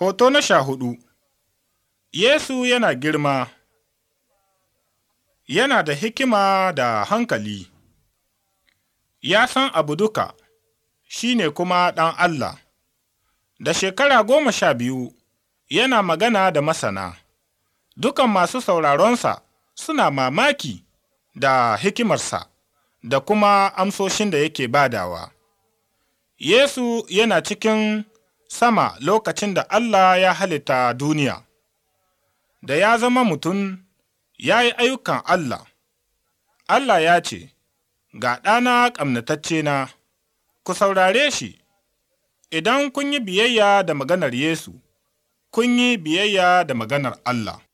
Hoto na sha hudu Yesu yana girma, yana da hikima da hankali, ya san abu duka, shi ne kuma ɗan Allah. Da shekara goma sha biyu yana magana da masana, dukan masu sauraronsa suna mamaki da hikimarsa da kuma amsoshin da yake badawa. Yesu yana cikin sama lokacin da Allah ya halitta duniya, da ya zama mutum ya yi ayyukan Allah, Allah ya ce, Ga ɗana ƙamnatacce na, ku saurare shi, idan kun yi biyayya da maganar Yesu, kun yi biyayya da maganar Allah.